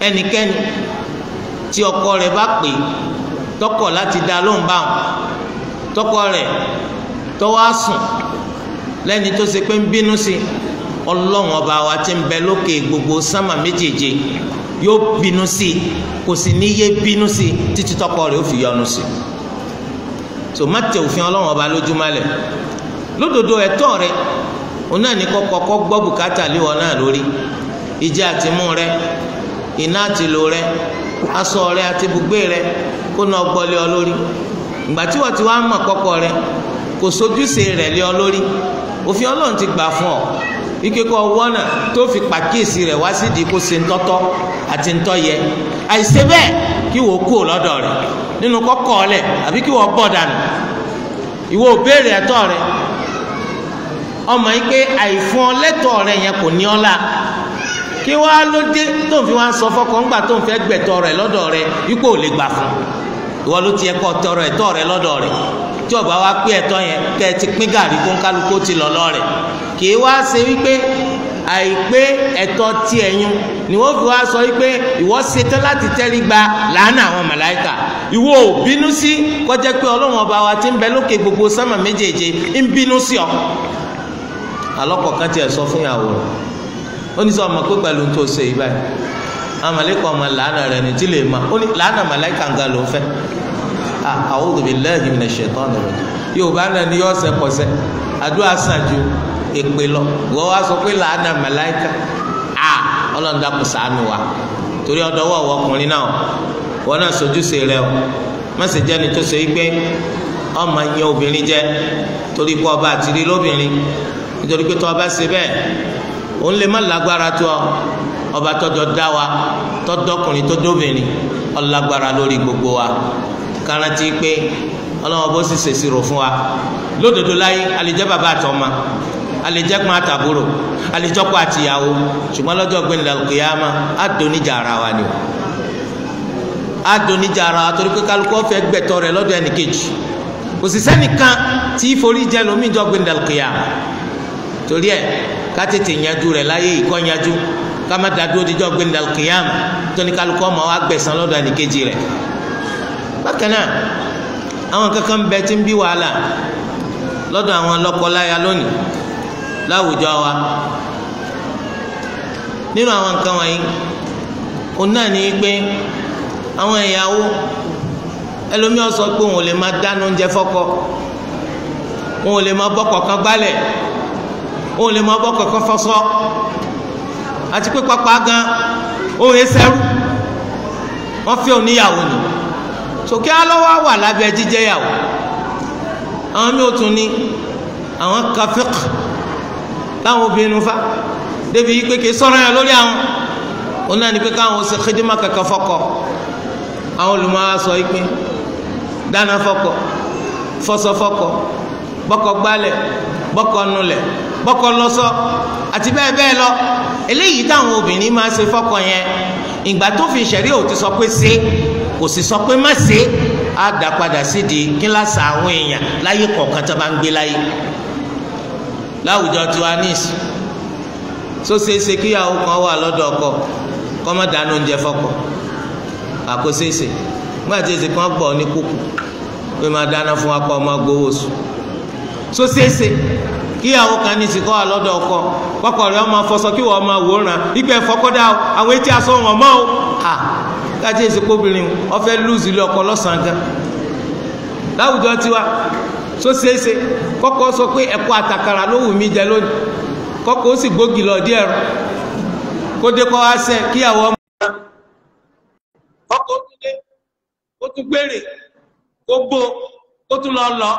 ẹnikẹ́ni tí ọkọ rẹ̀ bá pè tọkọ láti dá lóhùn báwọn tọkọ rẹ̀ tọ́wọ́ sùn lẹ́ni tó ṣe pé ń bínú sí i. ọlọ́run ọba wa ti ń bẹ lókè gbogbo sama méjèèje yóò bínú sí i kò sì ní yé bínú sí i títí tọkọ rẹ̀ ó fi so má tẹ òfin ọlọ́run ọba lójúmọ́ lẹ̀ lódodo ẹ̀tọ́ rẹ̀ òun náà ní kọ́kọ́ kọ́ gbọ́ bùkátà lé lori: náà lórí ìjẹ àtìmú rẹ̀ iná lo rẹ̀ aṣọ rẹ̀ àti ibùgbé rẹ̀ kó náà gbọ́lé ọ lórí ìgbà tí wọ́n ti wá mọ̀ kọ́kọ́ ike kọ wọ́nà tó fi pàkíyèsí rẹ̀ wá sí di kó ṣe ńtọ́tọ́ àti ńtọ́ yẹ àìṣe bẹ́ẹ̀ kí wọ́n kú lọ́dọ̀ rẹ̀ nínú kọ́kọ́ lẹ̀ àbí kí wọ́n bọ̀ dànù ìwọ òbéèrè ẹ̀tọ́ rẹ̀ ọmọ yìí pé àìfún ọlẹ́tọ̀ rẹ̀ yẹn kò ní ọ́la kí wàá ló dé tó ń fi wá ń sọ tó ń fẹ́ gbẹ̀tọ̀ rẹ̀ lọ́dọ̀ rẹ̀ ipò lè gbà fún ìwọ ló ti yẹ kó tọrọ ẹ̀tọ́ rẹ̀ lọ́dọ̀ tí ọba wa pé ẹtọ yẹn kẹ ti pín gàrí tó kálukú ti lọ lọrẹ kì í wá ṣe wípé àìpé ẹtọ ti ẹyún ni wọ́n fi wá sọ wípé ìwọ ṣetán láti tẹrí gba làánà àwọn màláìkà ìwọ ò bínú sí kọjá pé ọba wa ti ń bẹ lókè gbogbo sánmà méjèèje ń bínú sí ọ alọkọ kan tiẹ̀ sọ fún ìyàwó rẹ̀ ó ní sọ ọmọ pé pẹ̀lú tó ṣe yìí báyìí àwọn ọmọ làánà tí lè mọ ó ní làánà ń ga Ah, a'udhu billahi minash shaitani rajim yorùbá náà ni yọ ọsẹ kọsẹ àdúrà sàn ju èpè lọ wọ́n wá sọ pé làánà màláìka à ah, ọlọ́run dàpọ̀ sànù wa torí ọdọwọ́ ọwọ́ ọkùnrin náà wọn náà sojúṣe rẹ o má ṣe jẹ́ni tó ṣe gbé ọmọ yẹn obìnrin jẹ torí pé ọba àti rí lóbìnrin nítorí pé tó ọba ṣe bẹ́ẹ̀ òun lè má lágbára tó ọ ọba tọjọ dá wa tọdọkùnrin tó dóbìnrin ọlágbára lórí gbogbo wa karanti pé ọlọ́wọ́n bó sì ṣèṣirò fún wa lódodo láyé àlejò bàbá àtọ́mà àlejò ẹ̀gbọ́n àtàbúrò àlejò ọkọ àtìyàwó ṣùgbọ́n lọ́jọ́ gbẹ̀lẹ̀ òkèèyàmá àdóníjà ara wa ni o àdóníjà ara wa torí pé kálukú ọ̀fẹ́ gbẹ̀tọ́ rẹ̀ lọ́dọ̀ ẹnìkejì kò sì sẹ́nìkan tí forí jẹ́ lómi ìjọ gbẹ̀lẹ̀ òkèèyàmá torí ẹ̀ ká tètè yanjú rẹ̀ láyé ìkọ́ yanjú ká má dàdúró díjọ́ gbẹ̀lẹ̀ òkèèyàmá tóní kálukú ọmọ wa gbẹ̀san lọ́dọ̀ ẹnìkejì rẹ̀ bákan náà àwọn kankan bẹ tí ń bí wàhálà lọ́dọ̀ àwọn lọ́kọ-láya lónìí láwùjọ wa nínú àwọn nǹkan wọ̀nyí òun náà ní pé àwọn ìyàwó ẹlòmíràn sọ pé òun ò lè máa dáná oúnjẹ fọ́kọ òun ò lè máa bọ́kọ̀ kan gbálẹ̀ òun ò lè máa bọ́kọ̀ kan fọṣọ àti pé pápá gan òun èsẹ́rú wọ́n fẹ́ òníyàwó nìyí sòkè alọ́wọ́ wà lábẹ́ jíjẹ́yàwó àwọn mi ò tún ní àwọn kafik láwọn obìnrin fa débi pé kì í sọ̀rọ̀ yẹn lórí àwọn òun náà ni pé káwọn ṣe xidima kankan fọkọ àwọn olùmọ̀ sọ ìpè dáná fọkọ fọṣọ fọkọ bọkọ gbálẹ̀ bọkọ nulẹ̀ bọkọ lọṣọ àti bẹ́ẹ̀ bẹ́ẹ̀ lọ eléyìí táwọn obìnrin máa ṣe fọkọ yẹn ìgbà tó fi ṣẹ̀rí ò ti sọ pé ṣe kò sì sọ pé má ṣe á dá padà sídìí kíláàsì àwọn èèyàn láyé kọ̀ọ̀kan tó bá ń gbé láyé láwùjọ tiwa níìsì tó ṣeéṣe kíyàwó kan wà lọ́dọ̀ ọkọ kọ́ má dáná oúnjẹ fọ́kọ àkóṣeéṣe nígbà tí èsì kan gbọ̀ ní kúkú pé má dáná fún akọ ọmọ gbowó sùn tó ṣeéṣe kíyàwó kan ní ìsìnkọ́ wà lọ́dọ̀ ọkọ kọ́kọ́ rẹ̀ ọmọ afọṣọ kí wọ́n ìgbẹ́ fọ́kọ́dá àwọn etí asọ́ wọn mọ́ ọ́ kájí èsì kóbìnrin ọfẹ́ lùzì lé ọkọ lọ́sàn-án gan láwùjọ tiwa tó ṣeéṣe kọ́kọ́ sọ pé ẹ̀kọ́ àtàkàrà ló wù mí jẹ lónìí kọ́kọ́ ó sì gbógi lọ díẹ̀ rọ kó dé kọ́ wá sẹ́ kíyàwó ọmọ kọ́kọ́ ó tún dé ó tún gbére kó gbó ó tún lọ lọ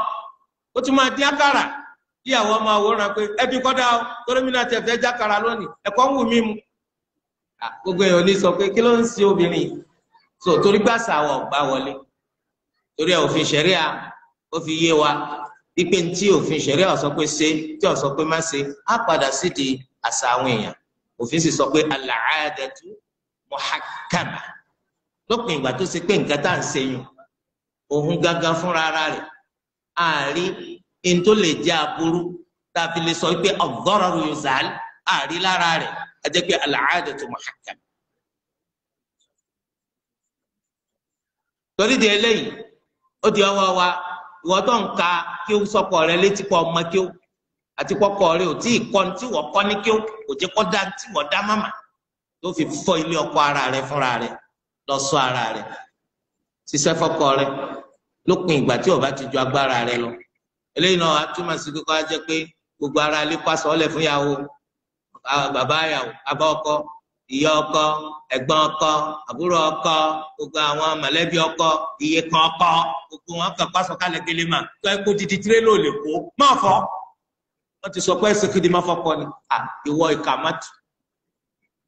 ó tún máa dín àkàrà kíyàwó ọmọ àwòrán pé ẹbí kọ́dá o gómìnà tẹ̀fẹ́ jákàrà lónìí ẹ̀kọ́ ń wù mí mu gbogbo èèyàn ní sọ pé kí ló ń ṣe obìnrin yìí so torí gbàsà wa ọgbà wọlé torí ẹ òfin ṣẹríà ó fi yé wa wípé tí òfin ṣẹríà ó sọ pé ṣe tí ó sọ pé má ṣe á padà sídìí àṣà àwọn èèyàn òfin sì sọ pé al-aadatu muhakkama lópin ìgbà tó ṣe pé nǹkan tá à ń ṣe òun gangan fúnra ara rẹ àárí in tó lè jẹ aburú tá a fi lè sọ pé ad-dararu yuzal àárí lára rẹ a jẹ pé al-aadatu torí di eléyìí ó di ọwọ́ wa ìwọ tó ń ka kí ó sọkọ rẹ létí pọ ọmọ kí ó àti kọkọ rẹ ò tí ì kọ́ tí wọ́n kọ́ ní kí ó kò jẹ́ kọ́ dá tí wọ́n dá mọ́mà tó fi fọ́ ilé ọkọ ara rẹ fúnra rẹ lọ sọ ara rẹ ṣiṣẹ́ fọ́kọ rẹ lópin ìgbà tí o ti ju agbára rẹ lọ eléyìí náà a túmọ̀ sí kíkọ́ á pé gbogbo ara ilé pàṣọ ọ̀lẹ̀ fún yàwó bàbá yàwó abá ọkọ ìyá ọkọ ẹ̀gbọ́n ọkọ àbúrò ọkọ gbogbo àwọn mọ̀lẹ́bí ọkọ iye kan ọkọ gbogbo wọn kàn pásọ kálẹ gẹlẹ mà tó ẹ kó didi tirẹlẹ ò lè kó má fọ wọn ti sọ pé ẹsẹ kìdí má fọkọ ni à ìwọ ìkà má tù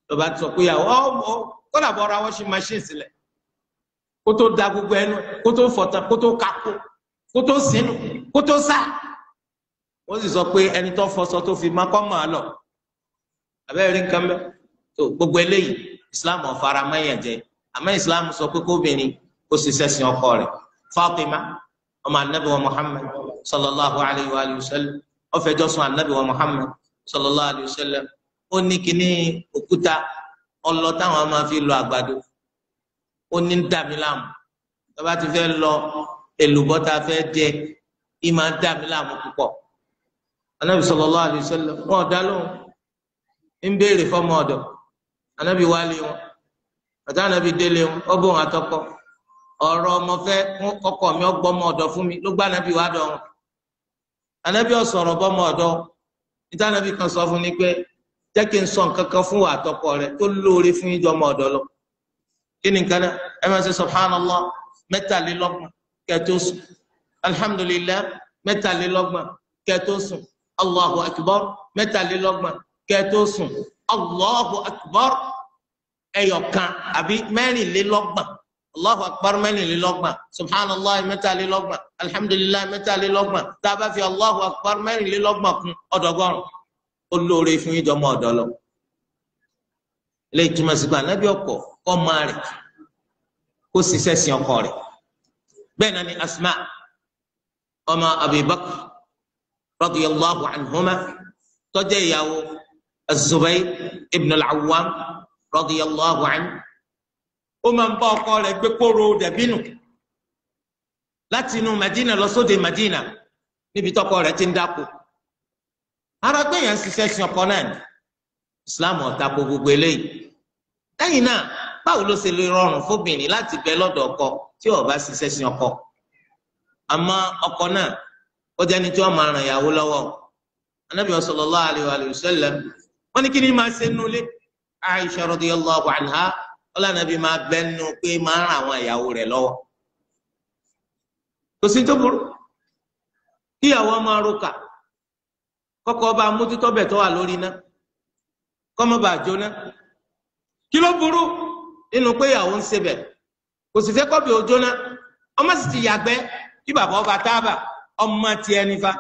lọba ti sọ pé yàwó ọ kọlà bọ ra washing machine sílẹ̀ kó tó da gbogbo ẹnu kó tó fọtàn kó tó kakó kó tó sínú kó tó sá wọn sì sọ pé ẹni tó fọṣọ tó fi má kọ́ mọ́ ọ àbẹ́rẹ́ nǹkan mẹ́rin tó gbogbo eléyìí islam ọ̀fara mẹ́yàn jẹ islam sọ pé kóbìnrin ó sì sẹ́sìn ọkọ rẹ̀ fatima ọmọ anabi wa muhammad sallallahu alayhi wa sallam ó fẹjọ́ anabi wa muhammad sallallahu alayhi wa sallam ó ní kíní òkúta ọlọ táwọn máa fi lọ àgbàdo ó ní dàmí láàmú tọ́ba ti fẹ́ lọ èlùbọ́ tá jẹ ì máa dàmí anabi sallallahu alayhi wa sallam wọn ọ̀dà lóhùn ń béèrè fọmọ ọ̀dọ̀. anabi wá wọn bàtà anabi délé wọn ó bóun àtọkọ ọ̀rọ̀ ọmọ fẹ́ ọkọ mi ọgbọ ọmọ fún mi ló gbá anabi wa dọ wọn anabi ọsọrọ bọmọ ọ̀dọ̀ níta anabi kan sọ fún ni pé jẹ́ kí n sọ nǹkan kan fún wa àtọkọ rẹ tó lóore fún ọmọ lọ kí ni nǹkan náà ẹ máa ṣe subhanallah allahu akbar ẹyọkan àbí mẹ́rìnlélọ́gbọ̀n allahu akbar mẹ́rìnlélọ́gbọ̀n subhanallah mẹ́tàlélọ́gbọ̀n alhamdulillah mẹ́tàlélọ́gbọ̀n tá a bá fi allahu akbar mẹ́rìnlélọ́gbọ̀n kún ọ̀dọ́gọ́rùn olóore fún yín jọmọ ọ̀dọ́ lọ ilé ìtumọ̀ sígbà nábì ọkọ̀ kọ́ máa rẹ̀ kó ṣiṣẹ́ sin ọkọ rẹ̀ bẹ́ẹ̀ náà ni asma ọmọ abibakar radiyallahu anhuma tó jẹ́ ìyàwó az-Zubayr ibn al-Awwam radiyallahu anhu ó máa ń bá ọkọ rẹ̀ gbé kóró dẹ̀bínú láti inú Madina lọ sóde Madina níbi tọkọ rẹ̀ ti ń dáko ara pé èèyàn ń ṣiṣẹ́ sin ọkọ náà ni Islam ọ̀tá gbogbo eléyìí lẹ́yìn náà báwo ló ṣe lè rọrùn fóbìnrin láti bẹ lọ́dọ̀ ọkọ tí ó ṣiṣẹ́ sin ọkọ àmọ́ ọkọ náà ó jẹ́ tí wọ́n máa ràn ìyàwó lọ́wọ́ Ànábì sallallahu alaihi wa sallam wọ́n ní kí ni máa ṣe nulẹ̀ Aisha radiyallahu anha ọlànàbí máa bẹnu pé máa ràn àwọn ìyàwó rẹ̀ lọ́wọ́ kò sí tó burú kíyàwó máa roka kọ́kọ́ bá mójútó bẹ̀ tó wà lórí iná kọ́mọ bá jóná kí ló burú nínú pé ìyàwó ń kò sì fẹ́ ọmọ sì ti yàgbẹ́ kí bàbá ọba táàbà ọmọ nífa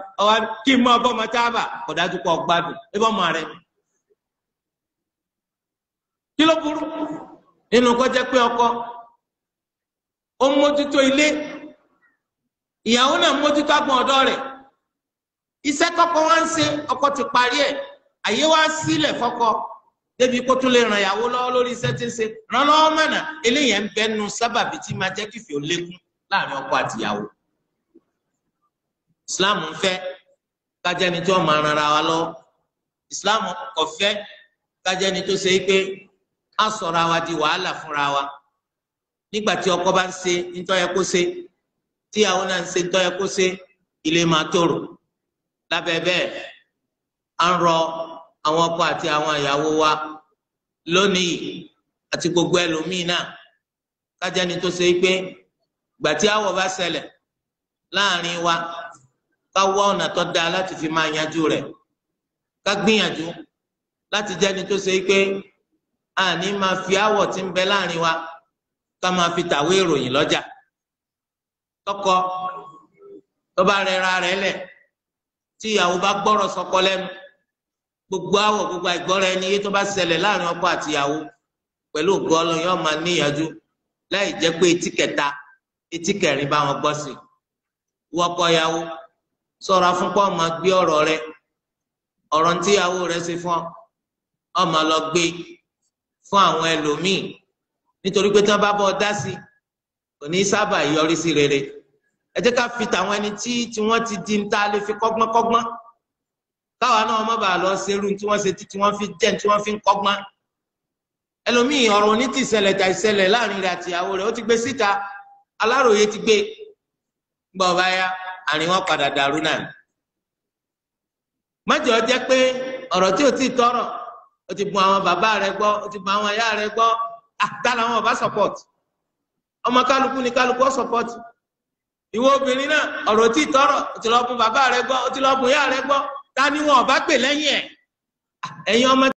kí n máa kí ló burú nínú kọjá pé ọkọ ó mójútó ilé ìyàwó náà mójútó agbọn ọ̀dọ̀ rẹ̀ iṣẹ́ kọ́kọ́ wá ń ṣe ọkọ ti parí ẹ̀ àyè wá sílẹ̀ fọ́kọ débi kó tún lè ràn ìyàwó lọ́wọ́ lórí iṣẹ́ tí ń ṣe ràn lọ́wọ́ mọ̀nà eléyẹn ń bẹnu sábàbí tí máa jẹ́ kífì ó lékún láàrin ọkọ àti ìyàwó Islam ń fẹ́ kájẹni tó máa ran ara wa lọ Islam kò kájẹni tó ṣe é pé á sọ̀rọ̀ àwa di wàhálà fúnra wa nígbà tí ọkọ bá ń ṣe ntọ́yẹ kó ṣe tíyàwó náà ń ṣe ntọ́yẹ kó ṣe ilé máa tòrò lábẹ́ bẹ́ẹ̀ à ń rọ àwọn ọkọ àti àwọn ìyàwó wa lónìí àti gbogbo ẹlòmíì náà kájẹni tó ṣe pé ìgbà tí àwọ̀ bá ṣẹlẹ̀ láàrin wa ká wá ọ̀nà tó dáa láti fi máa yanjú rẹ̀ ká gbìyànjú láti jẹ́ni tó ṣe pé àní máa fi áwọ̀ tí ń bẹ láàrin wa ká máa fi tàwé ìròyìn lọ́jà tọkọ tó bá rẹra rẹ̀ lẹ̀ tí ìyàwó bá gbọ́rọ̀ sọ́kọ lẹ́nu gbogbo áwọ̀ gbogbo àìgbọ́ra ẹni yé tó bá ṣẹlẹ̀ láàrin ọkọ àti ìyàwó pẹ̀lú ògo Ọlọ́run yóò máa láì jẹ́ pé etí kẹta etí kẹrin bá wọn gbọ́ sí wọ́pọ̀ ìyàwó ṣọ́ra fún pọ́ gbé ọ̀rọ̀ rẹ̀ ọ̀rọ̀ tí ìyàwó ṣe fún ọ lọ gbé e fún àwọn ẹlòmíì nítorí pé tí wọ́n bá bọ́ dá sí kò ní sábà yọrí sí rere ẹ jẹ́ ká fi tàwọn ẹni tí tí wọ́n ti di ta lè fi kọ́gbọ́n kọ́gbọ́n káwa náà má bàa lọ serú tí wọ́n ṣe tí wọ́n fi jẹ́ tí wọ́n fi ń kọ́gbọ́n ẹlòmíì ọ̀rọ̀ ní ti ṣẹlẹ̀ tà ìṣẹlẹ̀ láàrin rẹ̀ àtìyàwó rẹ̀ ó ti gbé síta aláròye ti gbé gbọ́ ya àrìn wọn padà dàrú náà má jẹ́ pé ọ̀rọ̀ tí ò tí tọrọ ó ti bun àwọn bàbá rẹ gbọ́ ó ti bun àwọn ìyá rẹ gbọ́ àtà ah, làwọn ọba support ọmọ kálukú ni kálukú ọ support ìwọ obìnrin náà ọ̀rọ̀ tí tọrọ ó ti lọ bun bàbá rẹ gbọ́ ó ti lọ bun ìyá rẹ gbọ́ ta ni wọn ọba pè lẹ́yìn ẹ̀ ah, ẹ̀yin ọmọ.